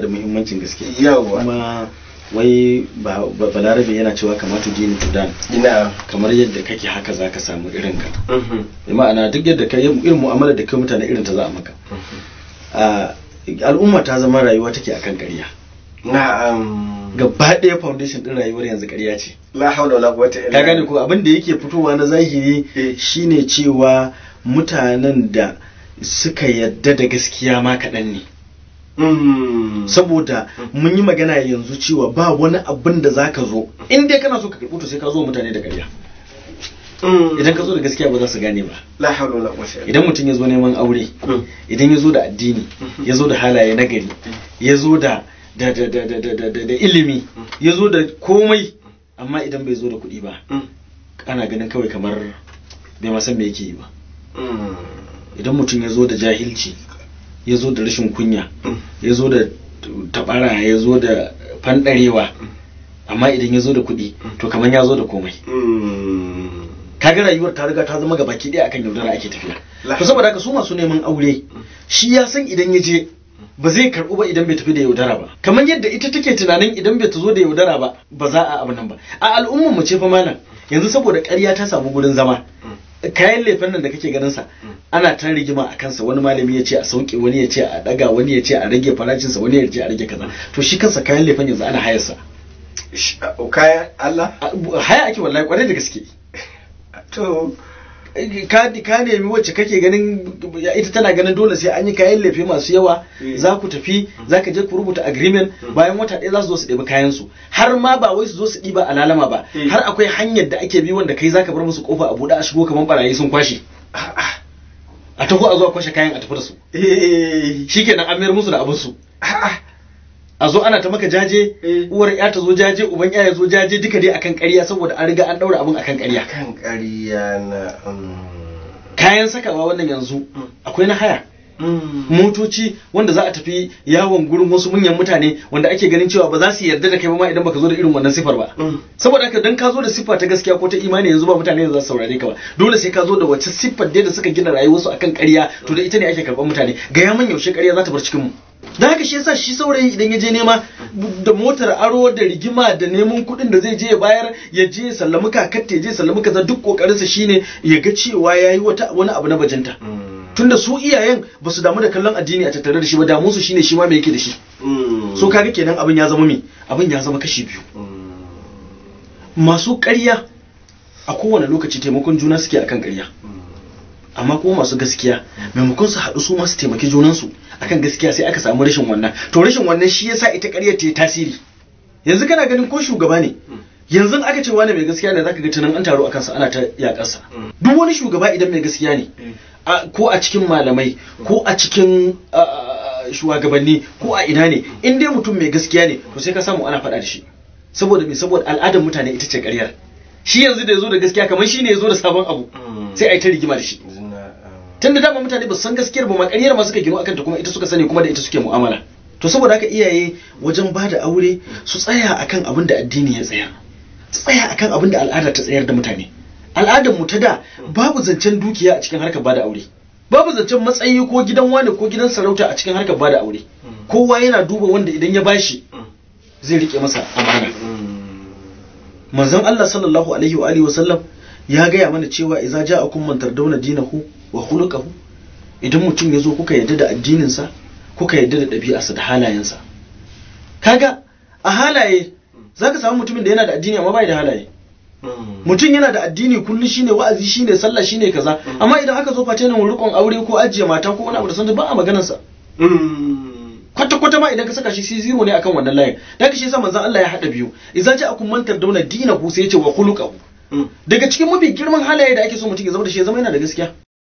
da muhimmancin gaske kuma wai balarabe yana cewa kamata jini tudan ina kamar yadda kake haka zaka samu irin ka mm-hmm. bi ma'ana duk yadda ka irin mu'amala da kai mutane irin ta za a maka mm-hmm. ah, al'umma ta zama rayuwa take akan ƙarya na'am gaba ɗaya foundation ɗin rayuwar yanzu ƙarya ce la haula wala quwwata ko abin da yake fitowa na zahiri eh. shine cewa mutanen da suka yadda da gaskiya ma kaɗan ne Mm. saboda mm. mun yi magana yanzu cewa ba wani abin da za ka zo in kana so ka karɓi to sai ka zo mutane da ƙarya mm. idan ka zo da gaskiya ba za su gane ba idan mutum ya zo neman aure idan ya zo da addini mm-hmm. ya zo da halaye nagari. gari ya zo da ilimi ya zo da komai amma idan bai zo da kuɗi ba ana ganin kawai kamar bai ma san me yake yi ba idan mutum ya zo da jahilci ya zo da rashin kunya mm. ya zo da tabara ya zo da fandarewa mm. amma idan ya zo da kuɗi mm. to kamar ya zo da komai kaga rayuwar ta riga ta zama ga baki ɗaya akan yaudara ake tafiya to saboda haka su masu neman aure shi ya san idan ya je ba zai karɓu ba idan bai tafi da yaudara ba kamar yadda ita take tunanin idan bai zo da yaudara ba ba za a abu nan ba a al'ummar mu ce fa malam yanzu saboda ƙarya ta samu gurin zama kayan lefen nan da kake ganin sa mm. ana ta rigima a kansa wani malami ya ce a sauke wani ya ce a daga wani ya ce a rage sa wani ya ce a rage kaza to shi kansa kayan lefen yanzu ana sa uh, kayan Allah haya ake wallahi kwarai da gaske to ka nemi wacce kake ganin ita tana ganin dole sai an yi kayan lefe masu yawa mm. za ku tafi za ka je ku rubuta agreement mm. bayan wata ɗaya za su zo su ɗebi kayan su har ma ba wai su zo su ɗiba a lalama ba mm. har akwai hanyar da ake bi wanda kai za ka bar musu kofa a buɗe a shigo kamar barayi sun kwashe a taho a zuwa kwashe kayan a tafi da su eh. shikenan an mayar musu da abin su a zo ana ta maka jaje eh. uwar ya ta zo jaje uban ya zo jaje duka dai akan ƙarya saboda an riga an daura abin akan ƙarya kan ƙarya na um, kayan sakawa wannan yanzu mm. akwai na haya mm. motoci wanda za a tafi yawon gurin wasu manyan mutane wanda ake ganin cewa ba za su yarda da kai ba ma idan baka zo da irin wannan sifar ba mm. saboda haka dan ka zo da sifa ta gaskiya ko ta imani yanzu ba mutane za su saurare ka ba dole sai ka zo da wace siffar da suka gina rayuwarsu akan ƙarya to da ita ne ake karɓar mutane ga man yaushe ƙarya za ta bar cikin mu da haka shi yasa shi saurayi idan ya je nema da motar aro da rigima da neman kuɗin da zai je ya bayar ya je sallami kakatta ya je sallami kaza duk kokarinsa shine ya ga cewa yayi wata wani abu na bajinta mm. tunda su iyayen ba su damu da kallon addini a tattare da shi ba damu su shine shi ma me yake da shi mm. so kaga kenan abin ya zama me abin ya zama kashi biyu mm. masu ƙarya a kowane lokaci taimakon juna suke akan ƙarya amma kuma masu gaskiya maimakon su haɗu su masu taimaki junansu akan gaskiya sai aka samu rashin wannan to rashin wannan shi yasa ita ƙarya ta yi tasiri yanzu kana ganin ko shugaba ne hmm. yanzu aka ce wani mai gaskiya ne zaka ga tunan an taro akan sa ana ta yakarsa hmm. duk wani shugaba idan mai gaskiya ne hmm. ko a cikin malamai ko a cikin shugabanni ko a ina ne in dai mutum mai gaskiya ne to sai ka samu ana faɗa da shi saboda me saboda al'adar mutane ita ce ƙaryar shi yanzu da ya zo da gaskiya kamar shi ne ya zo da sabon abu sai a yi ta rigima da shi tunda dama mutane ba san gaskiyar ba makariyar ma suka gino akan ta kuma ita suka sani kuma da ita suke mu'amala to saboda haka iyaye wajen ba da aure su tsaya akan abin da addini ya tsaya tsaya akan abin da al'ada ta tsayar da mutane al'adar mu ta da babu zancen dukiya a cikin harkar bada aure babu zancen matsayi ko gidan wani ko gidan sarauta a cikin harkar bada aure kowa yana duba wanda idan ya bashi zai rike masa amana manzon Allah sallallahu alaihi wa alihi wa sallam ya gaya mana cewa idza ja'akum man tardawna dinahu wa khuluqahu idan mutum ya zo kuka yarda da addininsa kuka yarda da ɗabi'arsa da halayensa kaga a halaye zaka samu mutumin da yana da addini amma bai da halaye hmm. mutum yana da addini kullum shine wa'azi shine sallah shine kaza hmm. amma idan aka zo fata nan rukun aure ko ajiye mata ko wani abu da sanda ba a maganar sa hmm. kwata kwata ma idan ka saka shi sai zero ne akan wannan layin dan shi yasa manzon Allah ya hada biyu idan ja akum mantar dauna dinahu sai ya ce wa khuluqahu daga cikin mafi girman halaye da ake so mutum ya zama da shi ya zama yana da gaskiya